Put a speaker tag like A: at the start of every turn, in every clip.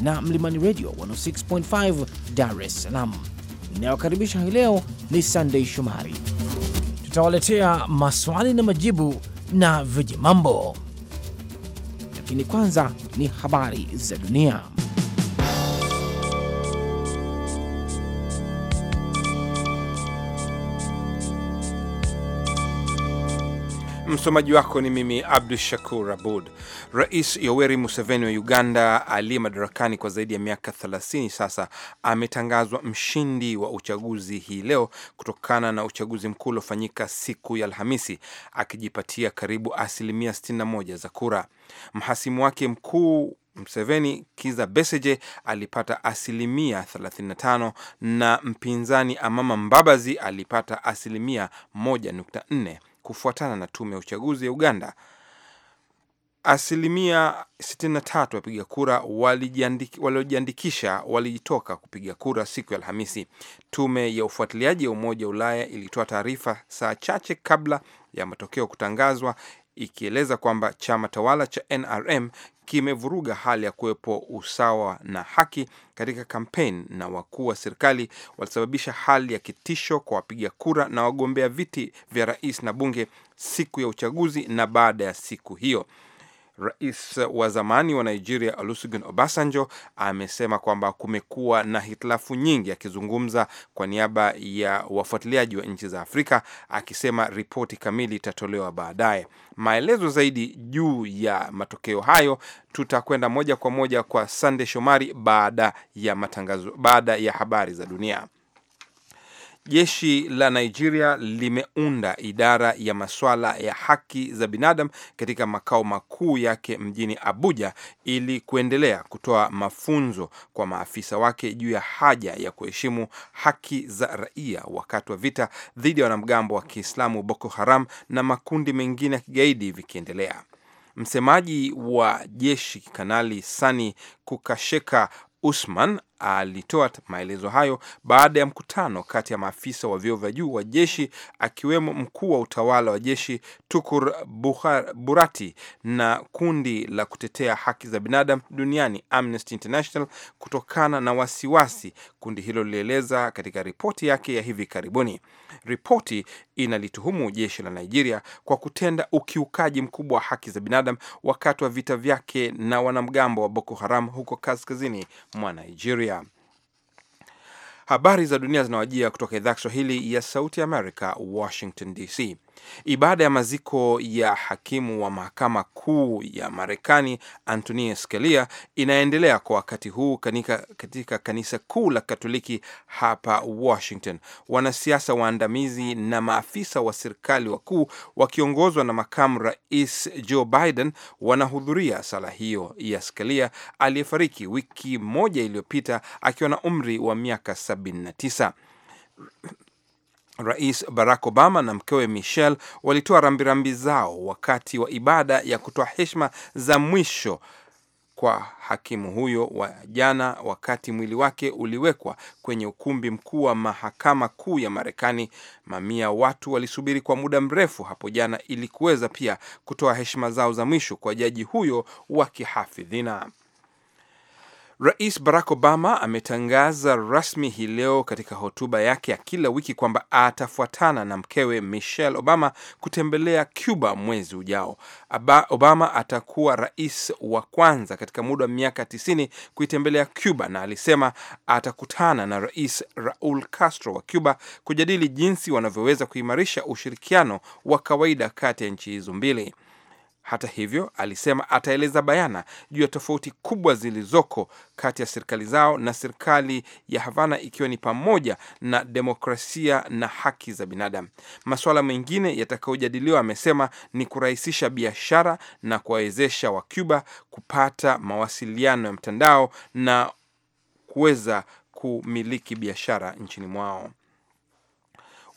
A: na Mlimani Radio 106.5 Dar es Salaam. Inayokaribisha hii leo ni Sunday Shomari. Tutawaletea maswali na majibu na vijimambo, lakini kwanza ni habari za dunia.
B: Msomaji wako ni mimi Abdu Shakur Abud. Rais Yoweri Museveni wa Uganda aliye madarakani kwa zaidi ya miaka 30 sasa ametangazwa mshindi wa uchaguzi hii leo kutokana na uchaguzi mkuu uliofanyika siku ya Alhamisi, akijipatia karibu asilimia 61 za kura. Mhasimu wake mkuu Mseveni Kiza Beseje alipata asilimia 35 na mpinzani Amama Mbabazi alipata asilimia 1.4 kufuatana na tume ya uchaguzi ya Uganda. Asilimia 63 wapiga kura waliojiandikisha walijitoka kupiga kura siku ya Alhamisi. Tume ya ufuatiliaji ya Umoja wa Ulaya ilitoa taarifa saa chache kabla ya matokeo kutangazwa ikieleza kwamba chama tawala cha NRM kimevuruga hali ya kuwepo usawa na haki katika kampeni, na wakuu wa serikali walisababisha hali ya kitisho kwa wapiga kura na wagombea viti vya rais na bunge siku ya uchaguzi na baada ya siku hiyo. Rais wa zamani wa Nigeria Olusegun Obasanjo amesema kwamba kumekuwa na hitilafu nyingi, akizungumza kwa niaba ya wafuatiliaji wa nchi za Afrika akisema ripoti kamili itatolewa baadaye. Maelezo zaidi juu ya matokeo hayo tutakwenda moja kwa moja kwa Sande Shomari baada ya matangazo, baada ya habari za dunia. Jeshi la Nigeria limeunda idara ya maswala ya haki za binadamu katika makao makuu yake mjini Abuja ili kuendelea kutoa mafunzo kwa maafisa wake juu ya haja ya kuheshimu haki za raia wakati wa vita dhidi ya wanamgambo wa Kiislamu Boko Haram na makundi mengine ya kigaidi vikiendelea. Msemaji wa jeshi Kanali Sani Kukasheka Usman Alitoa maelezo hayo baada ya mkutano kati ya maafisa wa vyeo vya juu wa jeshi akiwemo mkuu wa utawala wa jeshi Tukur Burati na kundi la kutetea haki za binadamu duniani Amnesty International kutokana na wasiwasi kundi hilo lilieleza katika ripoti yake ya hivi karibuni. Ripoti inalituhumu jeshi la Nigeria kwa kutenda ukiukaji mkubwa wa haki za binadamu wakati wa vita vyake na wanamgambo wa Boko Haram huko kaskazini mwa Nigeria. Syria. Habari za dunia zinawajia kutoka idhaa Kiswahili ya Sauti Amerika, Washington DC. Ibada ya maziko ya hakimu wa mahakama kuu ya Marekani Antonin Scalia inaendelea kwa wakati huu katika, katika kanisa kuu la Katoliki hapa Washington. Wanasiasa waandamizi na maafisa wa serikali wakuu wakiongozwa na makamu rais Joe Biden wanahudhuria sala hiyo ya Scalia aliyefariki wiki moja iliyopita akiwa na umri wa miaka 79. Rais Barack Obama na mkewe Michelle walitoa rambirambi zao wakati wa ibada ya kutoa heshima za mwisho kwa hakimu huyo wa jana, wakati mwili wake uliwekwa kwenye ukumbi mkuu wa mahakama kuu ya Marekani. Mamia watu walisubiri kwa muda mrefu hapo jana ili kuweza pia kutoa heshima zao za mwisho kwa jaji huyo wa kihafidhina. Rais Barack Obama ametangaza rasmi hii leo katika hotuba yake ya kila wiki kwamba atafuatana na mkewe Michelle Obama kutembelea Cuba mwezi ujao. Obama atakuwa rais wa kwanza katika muda wa miaka 90 kuitembelea Cuba, na alisema atakutana na Rais Raul Castro wa Cuba kujadili jinsi wanavyoweza kuimarisha ushirikiano wa kawaida kati ya nchi hizo mbili. Hata hivyo, alisema ataeleza bayana juu ya tofauti kubwa zilizoko kati ya serikali zao na serikali ya Havana, ikiwa ni pamoja na demokrasia na haki za binadamu. Masuala mengine yatakayojadiliwa, amesema, ni kurahisisha biashara na kuwawezesha Wacuba kupata mawasiliano ya mtandao na kuweza kumiliki biashara nchini mwao.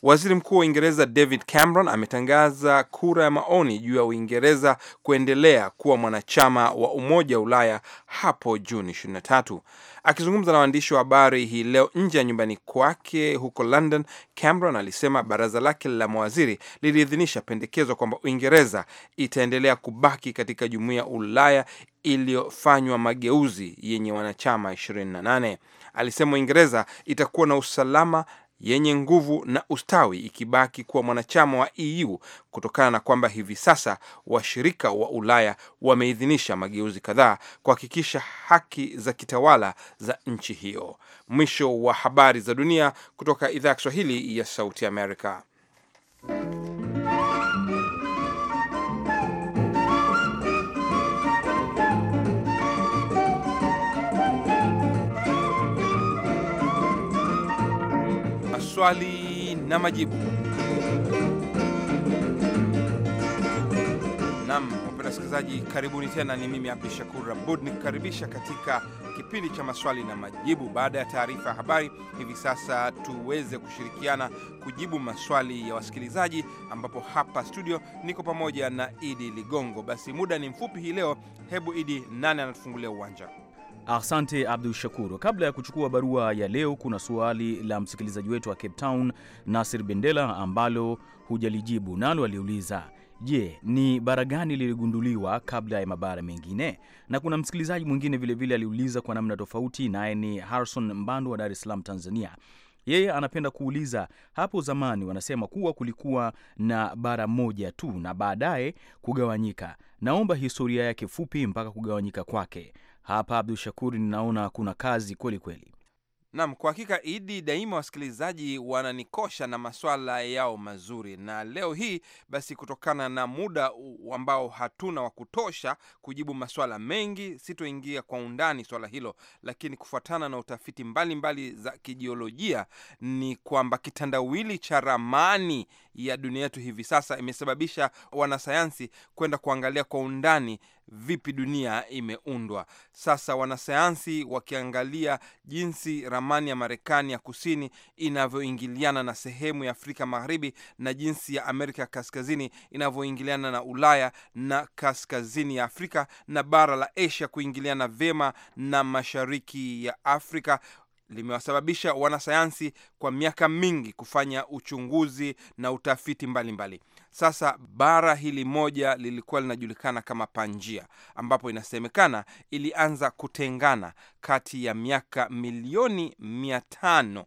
B: Waziri Mkuu wa Uingereza David Cameron ametangaza kura ya maoni juu ya Uingereza kuendelea kuwa mwanachama wa Umoja wa Ulaya hapo Juni 23. Akizungumza na waandishi wa habari hii leo nje ya nyumbani kwake huko London, Cameron alisema baraza lake la mawaziri liliidhinisha pendekezo kwamba Uingereza itaendelea kubaki katika jumuiya ya Ulaya iliyofanywa mageuzi yenye wanachama 28. Alisema Uingereza itakuwa na usalama yenye nguvu na ustawi ikibaki kuwa mwanachama wa EU kutokana na kwamba hivi sasa washirika wa Ulaya wameidhinisha mageuzi kadhaa kuhakikisha haki za kitawala za nchi hiyo. Mwisho wa habari za dunia kutoka idhaa ya Kiswahili ya Sauti Amerika. maswali na majibu. Nam wapenda wasikilizaji, karibuni tena. Ni mimi Abdu Shakur Abud nikukaribisha katika kipindi cha maswali na majibu. Baada ya taarifa ya habari, hivi sasa tuweze kushirikiana kujibu maswali ya wasikilizaji, ambapo hapa studio niko pamoja na Idi Ligongo. Basi muda ni mfupi hii leo. Hebu Idi, nani anatufungulia uwanja?
C: Asante Abdu Shakuru. Kabla ya kuchukua barua ya leo, kuna suali la msikilizaji wetu wa Cape Town Nasir Bendela ambalo hujalijibu, nalo aliuliza Je, ni bara gani liligunduliwa kabla ya mabara mengine? Na kuna msikilizaji mwingine vilevile aliuliza kwa namna tofauti, naye ni Harrison Mbando wa Dar es Salaam, Tanzania. Yeye anapenda kuuliza, hapo zamani wanasema kuwa kulikuwa na bara moja tu na baadaye kugawanyika. Naomba historia yake fupi mpaka kugawanyika kwake hapa, Abdu shakuri ninaona kuna kazi kweli kweli.
B: Nam, kwa hakika Idi, daima wasikilizaji wananikosha na maswala yao mazuri, na leo hii basi, kutokana na muda ambao hatuna wa kutosha kujibu maswala mengi, sitoingia kwa undani swala hilo, lakini kufuatana na utafiti mbalimbali mbali za kijiolojia ni kwamba kitandawili cha ramani ya dunia yetu hivi sasa imesababisha wanasayansi kwenda kuangalia kwa undani vipi dunia imeundwa. Sasa wanasayansi wakiangalia jinsi ramani ya Marekani ya kusini inavyoingiliana na sehemu ya Afrika Magharibi na jinsi ya Amerika kaskazini inavyoingiliana na Ulaya na kaskazini ya Afrika na bara la Asia kuingiliana vyema na mashariki ya Afrika limewasababisha wanasayansi kwa miaka mingi kufanya uchunguzi na utafiti mbalimbali mbali. Sasa bara hili moja lilikuwa linajulikana kama Panjia, ambapo inasemekana ilianza kutengana kati ya miaka milioni mia tano.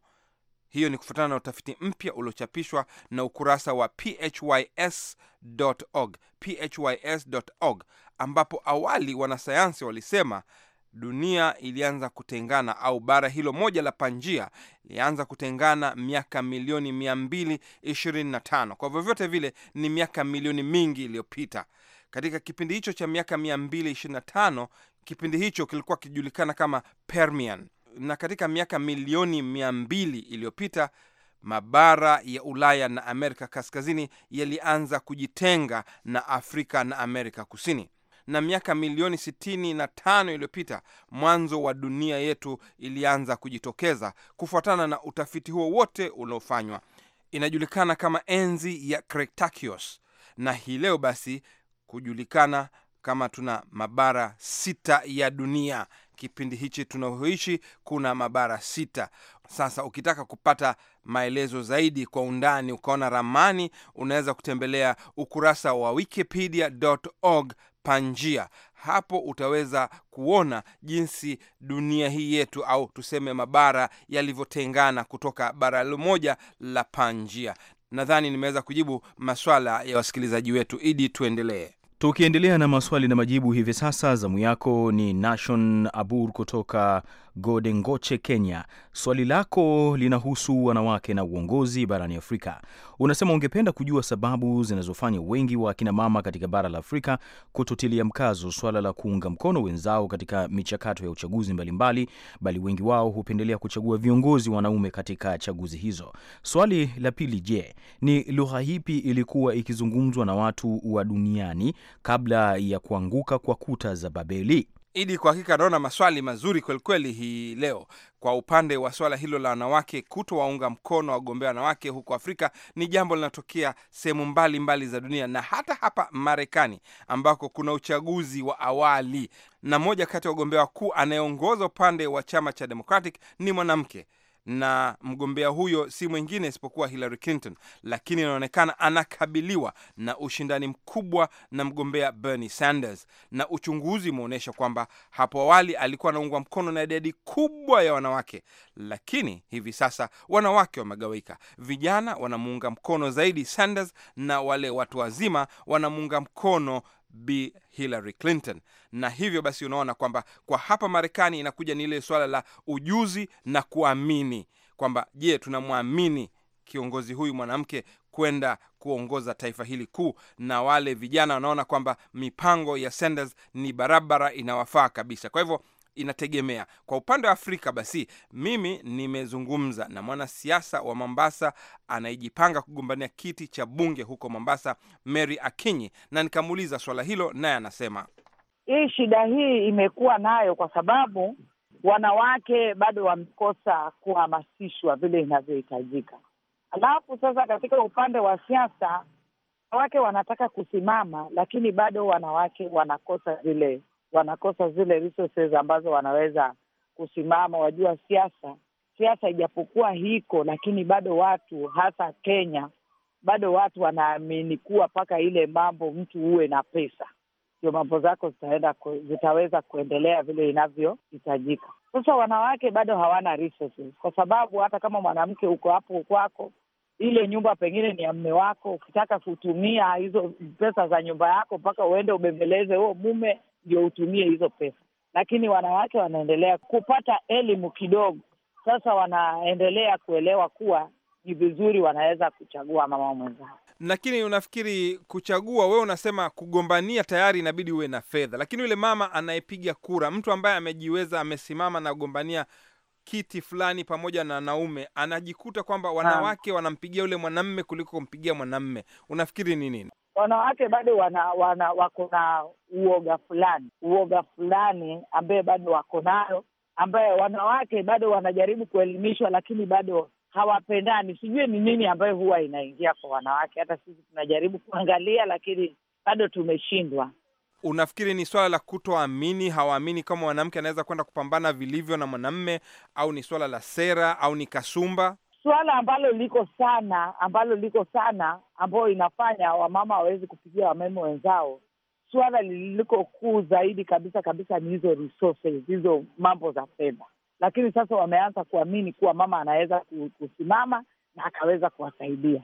B: Hiyo ni kufuatana na utafiti mpya uliochapishwa na ukurasa wa phys.org phys.org, ambapo awali wanasayansi walisema dunia ilianza kutengana au bara hilo moja la Panjia lianza kutengana miaka milioni 225. Kwa vyovyote vile ni miaka milioni mingi iliyopita. Katika kipindi hicho cha miaka 225, kipindi hicho kilikuwa kijulikana kama Permian, na katika miaka milioni 200 iliyopita mabara ya Ulaya na Amerika Kaskazini yalianza kujitenga na Afrika na Amerika Kusini na miaka milioni sitini na tano iliyopita mwanzo wa dunia yetu ilianza kujitokeza. Kufuatana na utafiti huo wote unaofanywa, inajulikana kama enzi ya Cretaceous, na hii leo basi kujulikana kama tuna mabara sita ya dunia. Kipindi hichi tunaoishi kuna mabara sita. Sasa ukitaka kupata maelezo zaidi kwa undani, ukaona ramani, unaweza kutembelea ukurasa wa wikipedia.org Panjia. Hapo utaweza kuona jinsi dunia hii yetu au tuseme mabara yalivyotengana kutoka bara moja la Panjia. Nadhani nimeweza kujibu maswala ya wasikilizaji wetu. Idi, tuendelee.
C: Tukiendelea na maswali na majibu hivi sasa, zamu yako ni Nation Abur kutoka Godengoche, Kenya. Swali lako linahusu wanawake na uongozi barani Afrika. Unasema ungependa kujua sababu zinazofanya wengi wa akinamama katika bara la Afrika kutotilia mkazo swala la kuunga mkono wenzao katika michakato ya uchaguzi mbalimbali, bali wengi wao hupendelea kuchagua viongozi wanaume katika chaguzi hizo. Swali la pili, je, ni lugha hipi ilikuwa ikizungumzwa na watu wa duniani kabla ya kuanguka kwa kuta za Babeli?
B: Idi, kwa hakika naona maswali mazuri kwelikweli hii leo. Kwa upande wa swala hilo la wanawake, kutowaunga mkono wagombea wanawake huko Afrika ni jambo linatokea sehemu mbalimbali za dunia na hata hapa Marekani ambako kuna uchaguzi wa awali, na mmoja kati ya wagombea wakuu anayeongoza upande wa chama cha Democratic ni mwanamke na mgombea huyo si mwingine isipokuwa Hillary Clinton, lakini inaonekana anakabiliwa na ushindani mkubwa na mgombea Bernie Sanders, na uchunguzi umeonyesha kwamba hapo awali alikuwa anaungwa mkono na idadi kubwa ya wanawake, lakini hivi sasa wanawake wamegawika. Vijana wanamuunga mkono zaidi Sanders na wale watu wazima wanamuunga mkono b Hillary Clinton. Na hivyo basi unaona kwamba kwa hapa Marekani inakuja ni ile swala la ujuzi na kuamini kwamba je, tunamwamini kiongozi huyu mwanamke kwenda kuongoza taifa hili kuu. Na wale vijana wanaona kwamba mipango ya Sanders ni barabara inawafaa kabisa. Kwa hivyo inategemea. Kwa upande wa Afrika basi, mimi nimezungumza na mwanasiasa wa Mombasa anayejipanga kugombania kiti cha bunge huko Mombasa, Mary Akinyi, na nikamuuliza swala hilo, naye anasema
D: hii shida hii imekuwa nayo kwa sababu wanawake bado wamekosa kuhamasishwa vile inavyohitajika. Alafu sasa, katika upande wa siasa, wanawake wanataka kusimama, lakini bado wanawake wanakosa zile wanakosa zile resources ambazo wanaweza kusimama. Wajua siasa siasa ijapokuwa hiko, lakini bado watu hasa Kenya, bado watu wanaamini kuwa mpaka ile mambo mtu uwe na pesa ndio mambo zako zitaenda zitaweza kuendelea vile inavyohitajika. Sasa wanawake bado hawana resources, kwa sababu hata kama mwanamke uko hapo kwako, ile nyumba pengine ni ya mme wako, ukitaka kutumia hizo pesa za nyumba yako mpaka uende ubembeleze huo oh, mume ndio utumie hizo pesa, lakini wanawake wanaendelea kupata elimu kidogo. Sasa wanaendelea kuelewa kuwa ni vizuri, wanaweza kuchagua mama mwenzao.
B: Lakini unafikiri kuchagua, wewe unasema kugombania, tayari inabidi uwe na fedha, lakini yule mama anayepiga kura, mtu ambaye amejiweza, amesimama na kugombania kiti fulani pamoja na wanaume, anajikuta kwamba wanawake wanampigia yule mwanamme kuliko kumpigia mwanamme. Unafikiri ni nini?
D: wanawake bado wana, wana wako na uoga fulani, uoga fulani ambaye bado wako nayo, ambaye wanawake bado wanajaribu kuelimishwa, lakini bado hawapendani. Sijui ni nini ambayo huwa inaingia kwa wanawake. Hata sisi tunajaribu kuangalia, lakini bado tumeshindwa.
B: Unafikiri ni swala la kutoamini, hawaamini kama mwanamke anaweza kwenda kupambana vilivyo na mwanamme, au ni swala la sera, au ni kasumba?
D: suala ambalo liko sana ambalo liko sana ambayo inafanya wamama wawezi kupigia wameme wenzao, suala liliko kuu zaidi kabisa kabisa ni hizo resources, hizo mambo za fedha. Lakini sasa wameanza kuamini kuwa mama anaweza kusimama na akaweza kuwasaidia.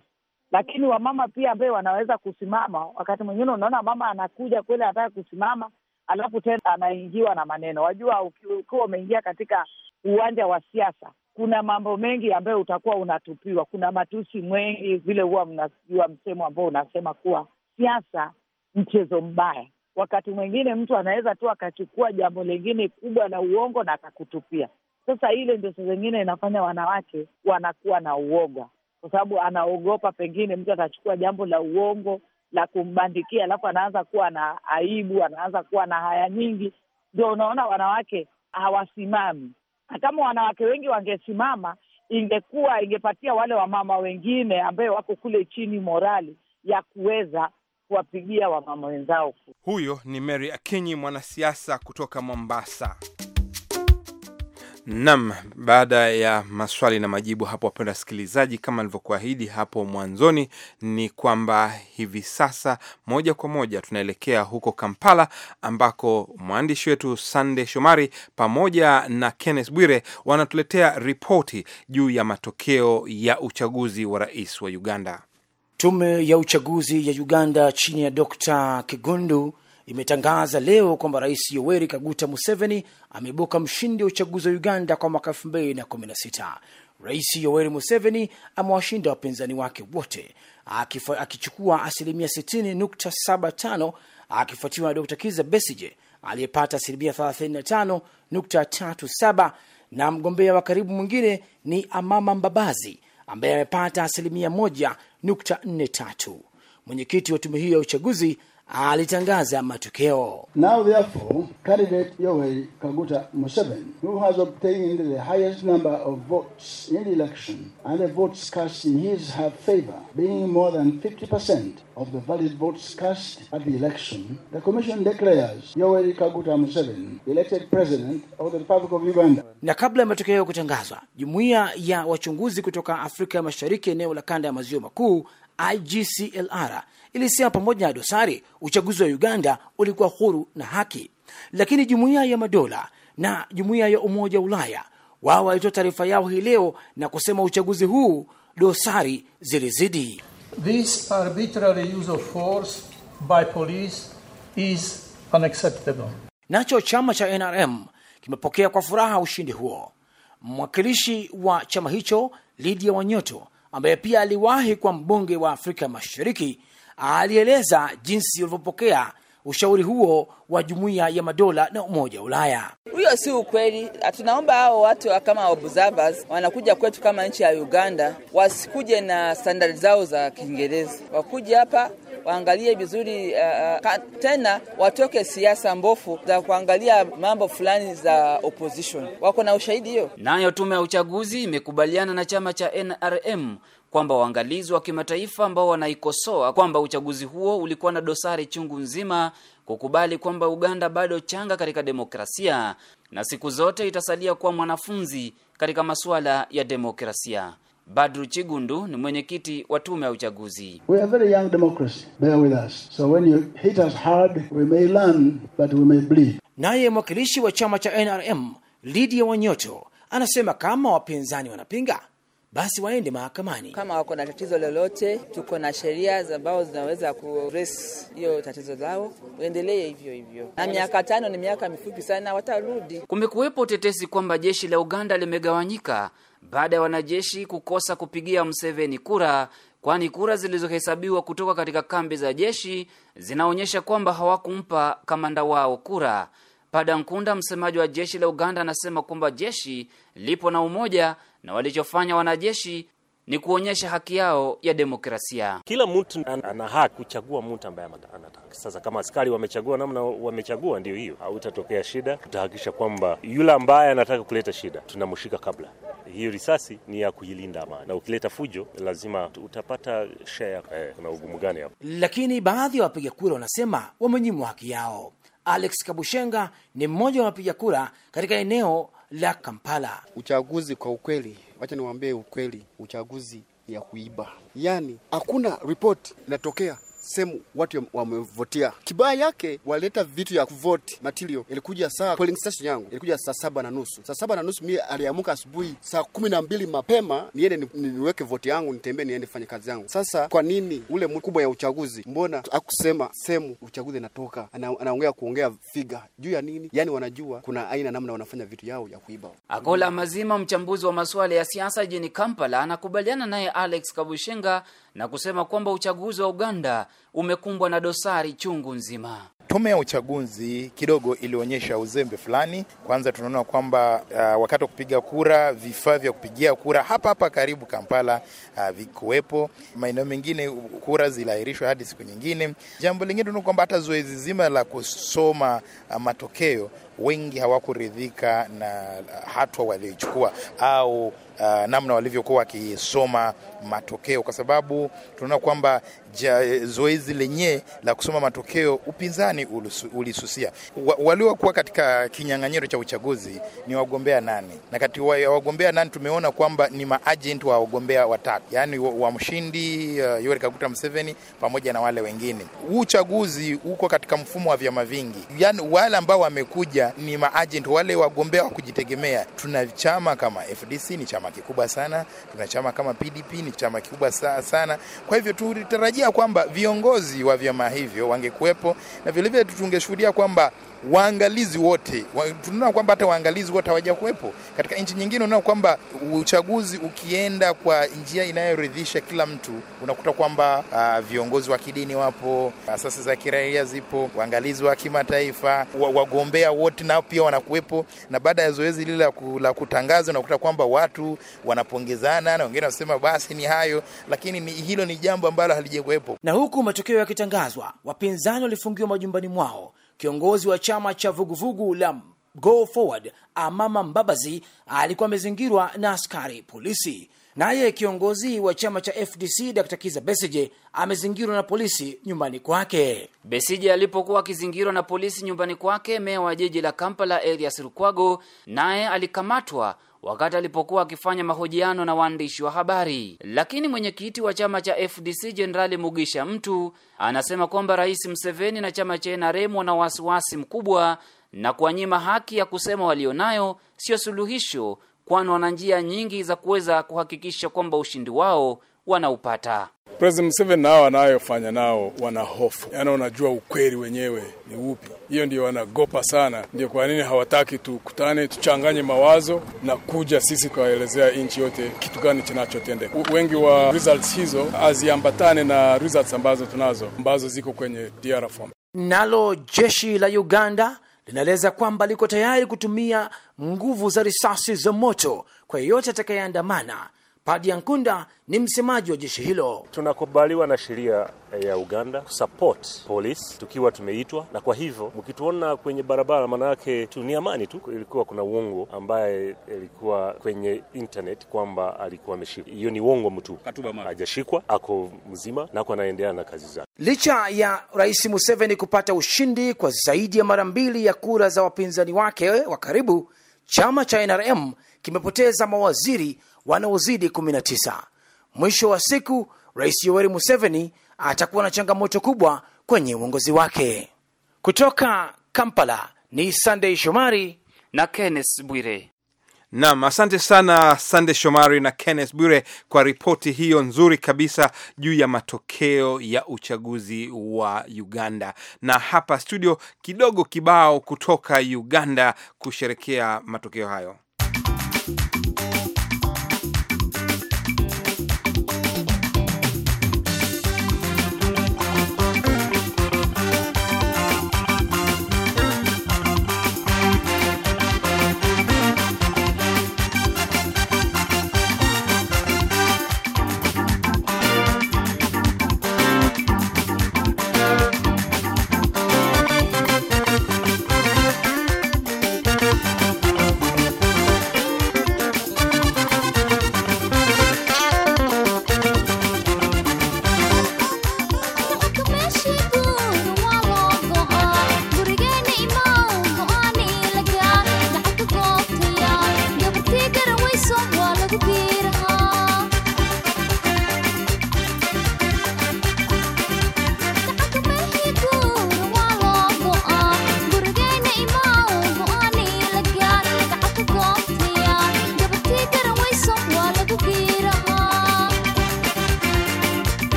D: Lakini wamama pia ambaye wanaweza kusimama, wakati mwingine unaona mama anakuja kweli anataka kusimama, alafu tena anaingiwa na maneno. Wajua, ukiwa umeingia katika uwanja wa siasa kuna mambo mengi ambayo utakuwa unatupiwa. Kuna matusi mwengi vile huwa mnajua msemo ambao unasema kuwa siasa mchezo mbaya. Wakati mwingine mtu anaweza tu akachukua jambo lingine kubwa la uongo na akakutupia. Sasa ile ndio saa zingine inafanya wanawake wanakuwa na uoga, kwa sababu anaogopa pengine mtu atachukua jambo la uongo la kumbandikia, alafu anaanza kuwa na aibu, anaanza kuwa na haya nyingi. Ndio unaona wanawake hawasimami kama wanawake wengi wangesimama, ingekuwa ingepatia wale wamama wengine ambaye wako kule chini morali ya kuweza kuwapigia wamama wenzao.
B: Huyo ni Mary Akinyi, mwanasiasa kutoka Mombasa. Nam, baada ya maswali na majibu hapo, wapenda wasikilizaji, kama alivyokuahidi hapo mwanzoni, ni kwamba hivi sasa moja kwa moja tunaelekea huko Kampala, ambako mwandishi wetu Sande Shomari pamoja na Kenneth Bwire wanatuletea ripoti juu ya matokeo ya uchaguzi wa rais wa Uganda.
A: Tume ya uchaguzi ya Uganda chini ya Dr. Kigundu imetangaza leo kwamba Rais Yoweri Kaguta Museveni ameibuka mshindi wa uchaguzi wa Uganda kwa mwaka 216 Rais Yoweri Museveni amewashinda wapinzani wake wote akichukua asilimia 675 akifuatiwa na Dr. Kiza Besige aliyepata asilimia 35.37 na mgombea wa karibu mwingine ni Amama Mbabazi ambaye amepata asilimia 1.43. Mwenyekiti wa tume hiyo ya uchaguzi alitangaza matokeo.
E: Now therefore, candidate Yoweri Kaguta Museveni who has obtained the highest number of votes in the election and the votes cast in his favor being more than 50% of the valid votes cast at the election, the commission declares Yoweri Kaguta Museveni elected president of the Republic of Uganda.
A: Na kabla ya matokeo kutangazwa, jumuiya ya wachunguzi kutoka Afrika Mashariki eneo la kanda ya maziwa makuu IGCLR ilisema pamoja na dosari, uchaguzi wa Uganda ulikuwa huru na haki, lakini jumuiya ya madola na jumuiya ya Umoja wa Ulaya wao walitoa taarifa yao hii leo na kusema uchaguzi huu dosari zilizidi.
E: This arbitrary use of force by police
F: is unacceptable.
A: Nacho chama cha NRM kimepokea kwa furaha ushindi huo. Mwakilishi wa chama hicho Lydia Wanyoto, ambaye pia aliwahi kwa mbunge wa Afrika Mashariki, alieleza jinsi walivyopokea ushauri huo wa Jumuiya ya Madola na Umoja wa Ulaya.
G: Huyo si ukweli. Tunaomba hao watu kama observers wanakuja kwetu kama nchi ya Uganda wasikuje na standard zao za Kiingereza, wakuja hapa waangalie vizuri uh, uh tena watoke siasa mbofu za kuangalia mambo fulani za opposition. Wako na ushahidi hiyo. Nayo tume ya uchaguzi imekubaliana na chama cha NRM kwamba waangalizi wa kimataifa ambao wanaikosoa kwamba uchaguzi huo ulikuwa na dosari chungu nzima, kukubali kwamba Uganda bado changa katika demokrasia na siku zote itasalia kuwa mwanafunzi katika masuala ya demokrasia. Badru Chigundu ni mwenyekiti wa tume ya uchaguzi.
E: We are very young democracy. Bear with us. So when you hit us hard, we may learn, but we may bleed.
A: Naye mwakilishi wa chama cha NRM Lydia Wanyoto anasema kama wapinzani wanapinga basi waende mahakamani.
G: Kama wako na tatizo lolote, tuko na sheria ambazo zinaweza kuresi hiyo tatizo lao, uendelee hivyo hivyo, na miaka tano ni miaka mifupi sana, watarudi. Kumekuwepo tetesi kwamba jeshi la Uganda limegawanyika baada ya wanajeshi kukosa kupigia Mseveni kura, kwani kura zilizohesabiwa kutoka katika kambi za jeshi zinaonyesha kwamba hawakumpa kamanda wao kura. padankunda msemaji wa jeshi la Uganda, anasema kwamba jeshi lipo na umoja na walichofanya wanajeshi ni kuonyesha haki yao ya demokrasia. Kila mtu ana haki kuchagua mtu ambaye anataka.
B: Sasa kama askari wamechagua namna wamechagua, ndio hiyo, hautatokea shida. Tutahakikisha kwamba yule ambaye anataka kuleta shida tunamshika kabla. Hiyo risasi ni ya kuilinda amani, na ukileta fujo lazima utapata share. Eh, kuna ugumu gani hapo?
A: Lakini baadhi ya wapiga kura wanasema wamenyimwa haki yao. Alex Kabushenga ni mmoja wa wapiga kura katika eneo la Kampala.
C: Uchaguzi kwa ukweli, wacha niwaambie ukweli, uchaguzi ya kuiba, yaani hakuna ripoti inatokea sehemu watu wamevotia. Kibaya yake waleta vitu ya kuvoti material, ilikuja saa polling station yangu ilikuja saa saba na nusu. Saa saba na nusu mimi aliamuka asubuhi saa kumi na mbili mapema niende niweke voti yangu, nitembee niende fanye kazi yangu. Sasa kwa nini ule mkubwa ya uchaguzi mbona akusema sehemu uchaguzi Ana, anaongea kuongea figa juu ya nini? Yani wanajua kuna aina namna wanafanya vitu yao ya
G: kuiba. Akola Mazima, mchambuzi wa masuala ya siasa jini Kampala, anakubaliana naye Alex Kabushenga na kusema kwamba uchaguzi wa Uganda umekumbwa na dosari chungu nzima.
E: Tume ya uchaguzi kidogo ilionyesha uzembe fulani. Kwanza tunaona kwamba uh, wakati wa kupiga kura vifaa vya kupigia kura hapa hapa karibu Kampala uh, vikuwepo. Maeneo mengine kura ziliahirishwa hadi siku nyingine. Jambo lingine tunaona kwamba hata zoezi zima la kusoma uh, matokeo wengi hawakuridhika na hatua walioichukua au uh, namna walivyokuwa wakisoma matokeo, kwa sababu tunaona kwamba ja, eh, zoezi lenyewe la kusoma matokeo upinzani ulisusia. Waliokuwa katika kinyang'anyiro cha uchaguzi ni wagombea nane, na kati ya wagombea nane tumeona kwamba ni maajenti wa wagombea watatu, yaani wa, mshindi uh, Yoweri Kaguta Museveni pamoja na wale wengine. Huu uchaguzi uko katika mfumo wa vyama vingi, yaani wale ambao wamekuja ni maajenti, wale wagombea wa kujitegemea. Tuna chama kama FDC ni chama kikubwa sana, tuna chama kama PDP ni chama kikubwa sana, kwa hivyo tutaraji tungeshuhudia kwamba viongozi wa vyama hivyo wangekuwepo na vilevile tungeshuhudia kwamba waangalizi wote tunaona kwamba hata waangalizi wote hawaja kuwepo katika nchi nyingine. Unaona kwamba uchaguzi ukienda kwa njia inayoridhisha kila mtu, unakuta kwamba uh, viongozi wa kidini wapo, asasi za kiraia zipo, waangalizi wa kimataifa, wagombea wote nao pia wanakuwepo, na baada ya zoezi lile la kutangaza, unakuta kwamba watu wanapongezana na wengine wanasema basi ni hayo, lakini ni, hilo ni jambo ambalo halijakuwepo.
A: Na huku matokeo yakitangazwa, wapinzani walifungiwa majumbani mwao Kiongozi wa chama cha vuguvugu la Go Forward Amama Mbabazi alikuwa amezingirwa na askari polisi. Naye kiongozi wa chama cha
G: FDC Dr. Kiza Besije amezingirwa na polisi nyumbani kwake. Besije alipokuwa akizingirwa na polisi nyumbani kwake, meya wa jiji la Kampala Elias rukwago naye alikamatwa wakati alipokuwa akifanya mahojiano na waandishi wa habari. Lakini mwenyekiti wa chama cha FDC Jenerali Mugisha Mtu anasema kwamba Rais Mseveni na chama cha NRM wana wasiwasi mkubwa na kuwanyima haki ya kusema walionayo sio suluhisho kwani wana njia nyingi za kuweza kuhakikisha kwamba ushindi wao
B: wanaupata. President Museveni nao wanayofanya nao wana hofu, yaani wanajua ukweli wenyewe ni upi. Hiyo ndio wanagopa sana, ndio kwa nini hawataki tukutane, tuchanganye mawazo na kuja sisi kuwaelezea nchi yote kitu gani kinachotendeka. Wengi wa results hizo haziambatane na results ambazo tunazo ambazo ziko kwenye DR form.
A: Nalo jeshi la Uganda linaeleza kwamba liko tayari kutumia nguvu za risasi za moto kwa yeyote atakayeandamana. Padi ni msemaji wa jeshi
B: hilo. Tunakubaliwa na sheria eh, ya Uganda kusupport police tukiwa tumeitwa, na kwa hivyo mkituona kwenye barabara, maana yake tu ni amani tu. Ilikuwa kuna uongo ambaye ilikuwa kwenye internet kwamba alikuwa ameshikwa, hiyo ni uongo. Mtu hajashikwa, ako mzima nako anaendelea na kazi zake.
A: Licha ya Rais Museveni kupata ushindi kwa zaidi ya mara mbili ya kura za wapinzani wake wa karibu Chama cha NRM kimepoteza mawaziri wanaozidi 19. Mwisho wa siku, Rais Yoweri Museveni atakuwa na changamoto kubwa kwenye uongozi wake.
B: Kutoka Kampala ni Sunday Shomari na Kenneth Bwire. Nam, asante sana Sande Shomari na Kenneth Bure kwa ripoti hiyo nzuri kabisa juu ya matokeo ya uchaguzi wa Uganda. Na hapa studio kidogo kibao kutoka Uganda kusherekea matokeo hayo.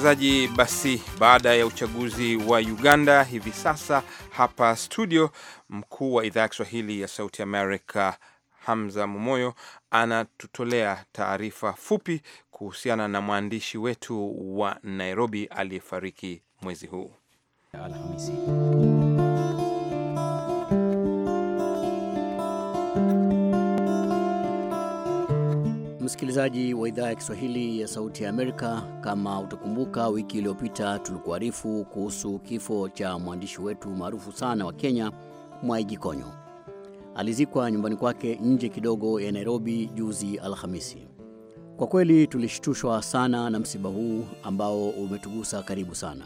B: msikilizaji, basi baada ya uchaguzi wa Uganda, hivi sasa hapa studio, mkuu wa idhaa ya Kiswahili ya Sauti Amerika Hamza Momoyo anatutolea taarifa fupi kuhusiana na mwandishi wetu wa Nairobi aliyefariki mwezi huu Alhamisi.
F: msikilizaji wa idhaa ya Kiswahili ya Sauti ya Amerika, kama utakumbuka, wiki iliyopita tulikuarifu kuhusu kifo cha mwandishi wetu maarufu sana wa Kenya, Mwangi Konyo. Alizikwa nyumbani kwake nje kidogo ya Nairobi juzi Alhamisi. Kwa kweli tulishtushwa sana na msiba huu ambao umetugusa karibu sana.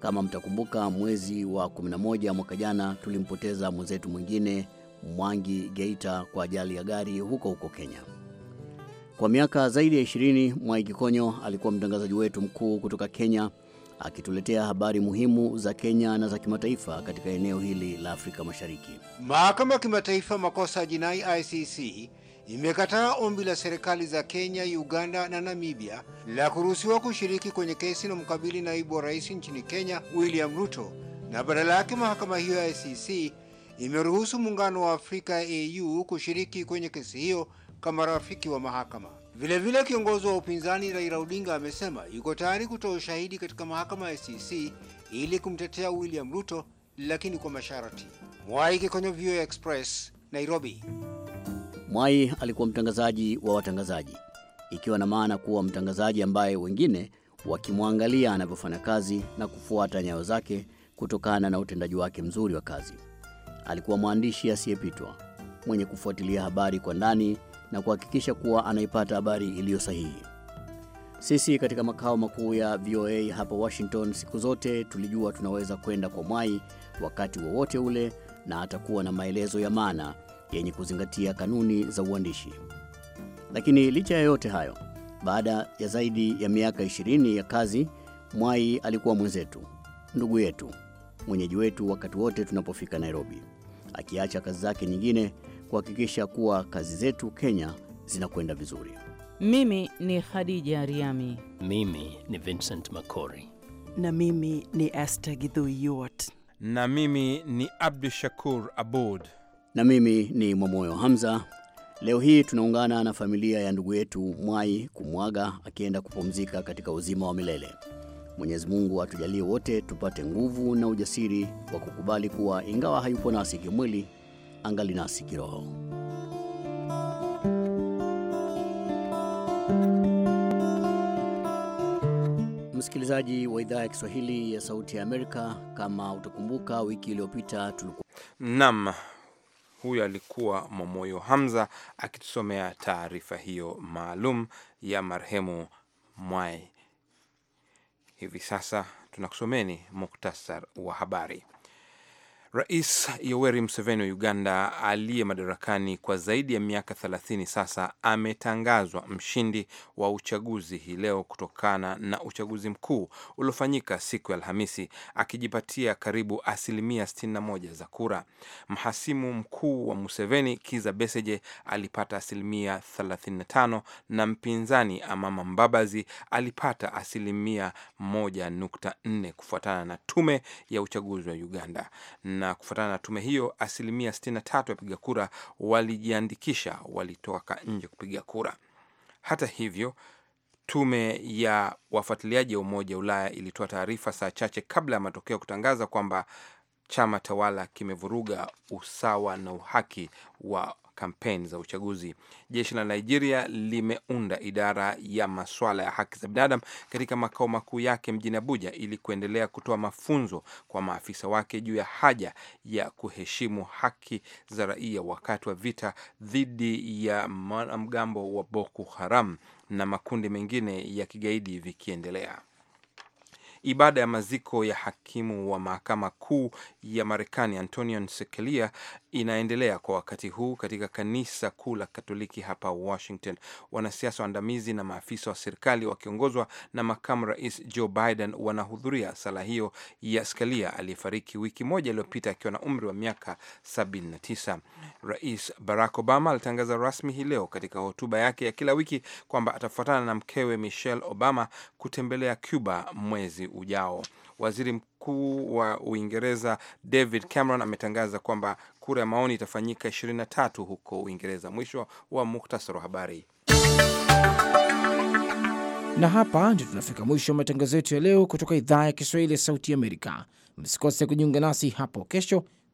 F: Kama mtakumbuka, mwezi wa 11 mwaka jana tulimpoteza mwenzetu mwingine Mwangi Geita kwa ajali ya gari huko huko Kenya. Kwa miaka zaidi ya ishirini, Mwai Gikonyo alikuwa mtangazaji wetu mkuu kutoka Kenya akituletea habari muhimu za Kenya na za kimataifa katika eneo hili la Afrika Mashariki. Mahakama ya Kimataifa Makosa ya Jinai
B: ICC imekataa ombi la serikali za Kenya, Uganda na Namibia la kuruhusiwa kushiriki kwenye kesi na mkabili naibu wa rais nchini Kenya William Ruto, na badala yake mahakama hiyo ya ICC imeruhusu muungano wa Afrika AU kushiriki kwenye kesi hiyo kama rafiki wa mahakama. Vilevile, kiongozi wa upinzani Raila Odinga amesema yuko tayari kutoa ushahidi katika mahakama ya ICC ili kumtetea William Ruto, lakini kwa masharti. Mwai kwenye VOA Express, Nairobi.
F: Mwai alikuwa mtangazaji wa watangazaji, ikiwa na maana kuwa mtangazaji ambaye wengine wakimwangalia anavyofanya kazi na kufuata nyayo zake kutokana na utendaji wake mzuri wa kazi. Alikuwa mwandishi asiyepitwa mwenye kufuatilia habari kwa ndani na kuhakikisha kuwa anaipata habari iliyo sahihi. Sisi katika makao makuu ya VOA hapa Washington, siku zote tulijua tunaweza kwenda kwa Mwai wakati wowote wa ule, na atakuwa na maelezo ya maana yenye kuzingatia kanuni za uandishi. Lakini licha ya yote hayo, baada ya zaidi ya miaka 20 ya kazi, Mwai alikuwa mwenzetu, ndugu yetu, mwenyeji wetu wakati wote tunapofika Nairobi, akiacha kazi zake nyingine kuhakikisha kuwa kazi zetu Kenya zinakwenda vizuri.
G: Mimi ni Khadija Riami,
F: mimi ni Vincent Makori,
G: na mimi ni Esther Gidhyuot,
B: na mimi ni Abdu Shakur Abud,
F: na mimi ni Mwamoyo Hamza. Leo hii tunaungana na familia ya ndugu yetu Mwai Kumwaga akienda kupumzika katika uzima wa milele. Mwenyezi Mungu atujalie wote tupate nguvu na ujasiri wa kukubali kuwa ingawa hayupo nasi kimwili, angali nasi kiroho. Msikilizaji wa idhaa ya Kiswahili ya Sauti ya Amerika, kama utakumbuka, wiki iliyopita tulikuwa
B: nam huyo alikuwa Momoyo Hamza akitusomea taarifa hiyo maalum ya marehemu Mwai. Hivi sasa tunakusomeni muktasar wa habari. Rais Yoweri Museveni wa Uganda aliye madarakani kwa zaidi ya miaka thelathini sasa ametangazwa mshindi wa uchaguzi hii leo kutokana na uchaguzi mkuu uliofanyika siku ya Alhamisi akijipatia karibu asilimia 61 za kura. Mhasimu mkuu wa Museveni Kiza Beseje alipata asilimia 35 na mpinzani Amama Mbabazi alipata asilimia nne kufuatana na tume ya uchaguzi wa Uganda na na kufuatana na tume hiyo, asilimia 63 ya wapiga kura walijiandikisha walitoka nje kupiga kura. Hata hivyo Tume ya wafuatiliaji ya Umoja wa Ulaya ilitoa taarifa saa chache kabla ya matokeo kutangaza kwamba chama tawala kimevuruga usawa na uhaki wa kampeni za uchaguzi. Jeshi la Nigeria limeunda idara ya maswala ya haki za binadamu katika makao makuu yake mjini Abuja ili kuendelea kutoa mafunzo kwa maafisa wake juu ya haja ya kuheshimu haki za raia wakati wa vita dhidi ya mgambo wa Boko Haram na makundi mengine ya kigaidi vikiendelea. Ibada ya maziko ya hakimu wa mahakama kuu ya Marekani Antonin Scalia inaendelea kwa wakati huu katika kanisa kuu la Katoliki hapa Washington. Wanasiasa waandamizi na maafisa wa serikali wakiongozwa na makamu rais Joe Biden wanahudhuria sala hiyo ya Scalia aliyefariki wiki moja iliyopita akiwa na umri wa miaka 79. Rais Barack Obama alitangaza rasmi hii leo katika hotuba yake ya kila wiki kwamba atafuatana na mkewe Michelle Obama kutembelea Cuba mwezi ujao. Waziri Mkuu wa Uingereza David Cameron ametangaza kwamba kura ya maoni itafanyika 23 huko Uingereza. Mwisho wa muktasari wa habari,
A: na hapa ndio tunafika mwisho wa matangazo yetu ya leo kutoka idhaa ya Kiswahili ya Sauti Amerika. Msikose kujiunga nasi hapo kesho